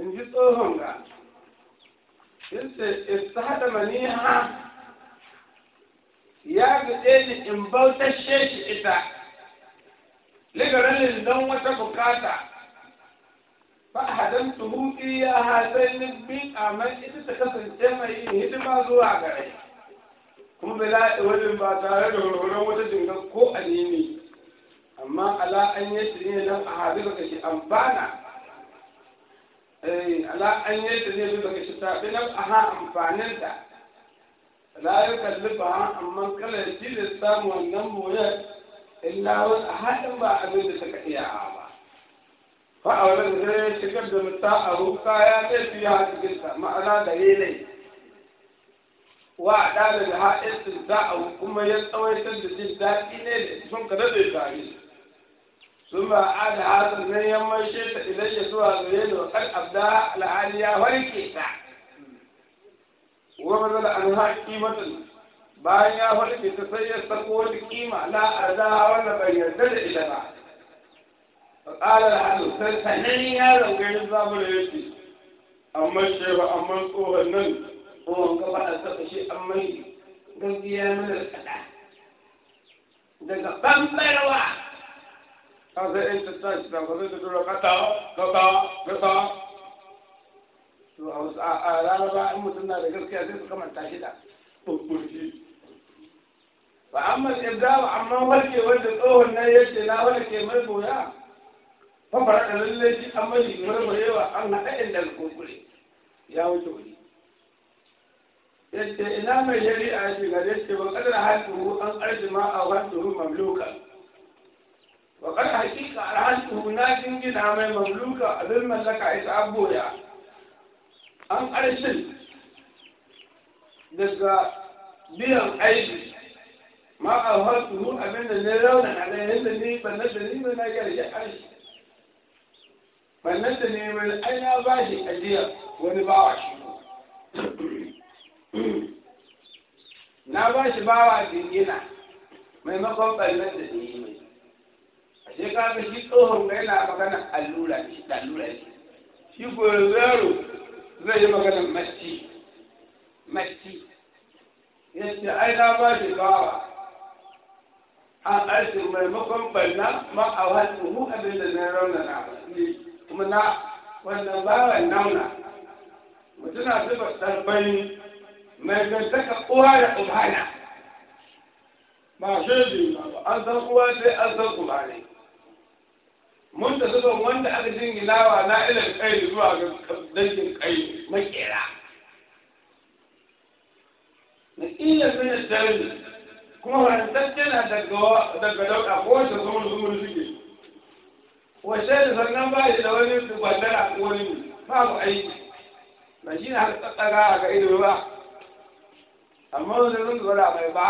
in ji tsohon ga yace istahada maniha ya gaɗe ni in bautashe shi ita ligaralin don wata bukata fa hadantuhu ya sai ni bin amal ita ta kasance mai hidima zuwa gare kuma laɗe wajen ba tare da hurhuran wata jinga ko alimi amma ala an yi ne don a hadu daga kashi amfana على أن يتني لبك شتاء بنا أها أمفان الدا لا يكلفها أما كل جيل السام والنم إلا أن أها أمبا أبيد سكحيا عابا فأولاً هي شكر دمتا أروقا يا نفيا تجلسا ما أنا دليلي وأعداد لها إستنزاء وكما يستوي تنزل جلسا إنه لسون كده دي ثم عاد هذا من يوم الشيخ إلي يسوع الغيين وقد أبدا العالية والكيسة ومن الأنهاء قيمة باية والتي تسير تقول القيمة لا أداء ولا بين إلى بعد فقال العدو سلسنني هذا وكيد الزام الهيشي أما الشيخ أما الكوه النن هو انقبع الشيء أما الهيشي قلت يا من الأداء دقا بمبروا Káṣẹ́ eight to ten ṣìkà kọ́ tó dúró kátà kátà kátà. A laraba in mutum na da gaskiya sai su kamanta shi da kurkurci. Ba amma ibda amma warke wanda tsohon ya yake na ke mai boya. Fa da lallai shi an mai murmurewa an haɗa inda kurkure. Ya wuce wuri. Yace ina mai a shiga da yake ba kadar haƙuru an arjima a wasu mamlukan. وقد حقيقة رحلت هناك يمكن عمي مملوكة أبن ملكة إسعاب بويا أم أرسل daga biyan aiki ma a wasu abin da ne raunin a nan da ne mai na gyarge aiki bannan da ne mai aina ba shi ajiya wani bawa shi na ba shi bawa jingina maimakon bannan da ne mai sai ka shi tsohon yana magana allura ne shi allura ne shi gozaro zai yi magana masti masti yace ai na ba shi bawa an aiki maimakon banna ma a wani mu abin da na rauna na ne kuma na wannan bawan nauna mutuna zuba tsarbani mai gantaka uwa da ubana ba shi ne ba an san uwa sai an san ubana fi son wanda aka jingilawa na ilal kai zuwa ga dangin kai makera na iya min darni kuma wani warantacce na daga dauka ko shi zuwa zuwa suke wace da sannan ba shi da wani dubandar a wani ba mu aiki na shi na har a ga ido ba amma wani zan gwada mai ba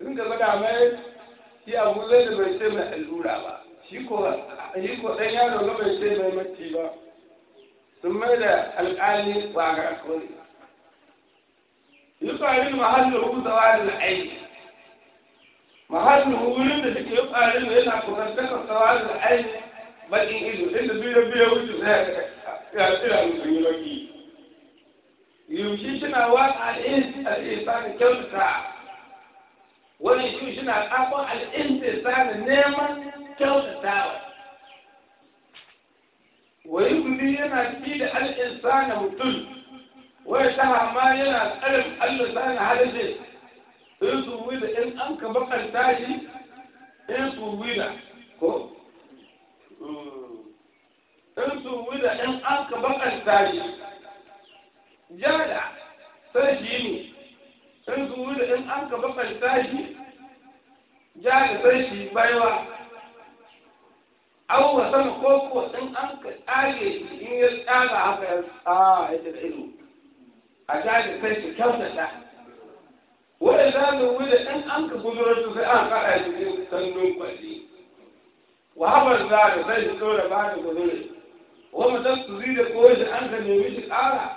in ka gwada mai shi abu zai da bai ce mai allura ba shi ko ɗan yaro ga bai ce mai mace ba sun mai da alƙali ba ga akwai yi farin mahallin huzawa da aiki mahallin wurin da suke yi farin da yana kusantakar sawa da aiki bakin ido inda biyu biyu wuce zai ya tsira mutum yi baki yaushe suna wata al'isa da kyautata wani shi shi na ƙafon al'intisanin neman kyautatawa wani kudi yana fi da al'insana mutum wani ta hama yana tsarin al'insana halishe in su wida in an ka bakanta shi in su wida ko in su wida in an ka bakanta shi jada sai shi ne in su wida in an ka bakanta shi jalibai shi baiwa abu sama ko ko in an ka tsage in ya tsaga haka ya a ya da ido a jalibai shi kyautata wani zalu wuri in an ka gudunar su sai an kada shi ne sandun kwalli wa haɓar zalu zai shi tsora ba da gudunar wa mutum su zai da koyi shi an ka nemi shi ƙara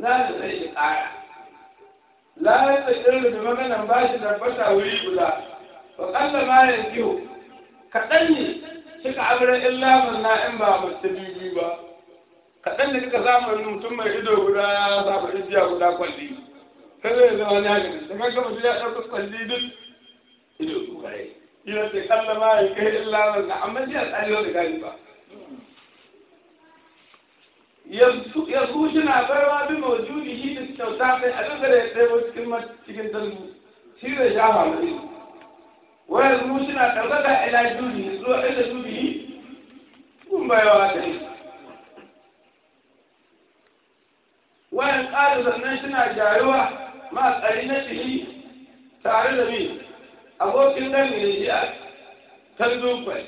zalu zai shi ƙara la ya tsakirin da maganan ba shi fata wuri guda وقال ما ينكيو كدني شك عبر الا من لا ان باب التبيجي با كدني كذا زامن من متم ايدو غدا يا صاحب الحجيا غدا قلبي كذا زمان يعني لما كما بيجي اشرب قلبي دل ايدو غاي يلا تقل ما يكي الا من محمد يا سالي هو غاي با يسوشنا فروا بموجوده في التوسعه انا غير سيبوت إيه كلمه تيجي تلبو سيره شاهه مريض Wayan mu suna ɗaukaka ila duni zuwa ila duni kun bayawa ta yi wayan ƙara sannan suna jaruwa ma tsari na shi tare da mi abokin nan ne shi a kan zufai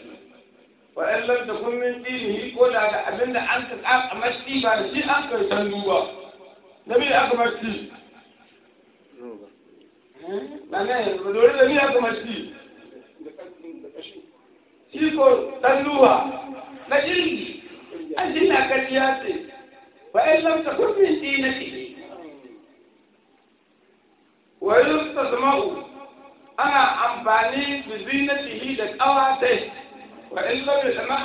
wa'yan lanta kun min dini ko da ga abin da an ka ƙaƙa ba da shi an kai can duba da mi aka mashi eh, ba ne ba dole da mi aka mashi iko talluwa na jirgi ajin na kariya ce fa in lam takun min dinati wa yustazma'u ana amfani da zinatihi da kawatai wa in lam yasma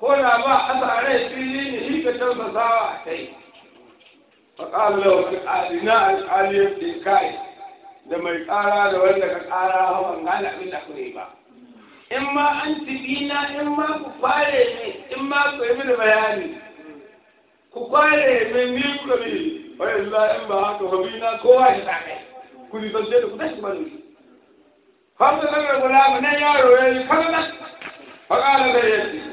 ko da ba asare fili ne hi ka tausasawa kai fa qala lahu alina al-aliyat bi kai da mai kara da wanda ka kara hawan gane abin da kai ba in ma an tibina in ma ku kware ni in ma ku yi mini bayani ku kware min ni ku gami wai Allah in ba haka ba na kowa ya sa kai ku ni san da ku tashi ban ni har da kan gura mu nan yaro yayi kana fa kana da yace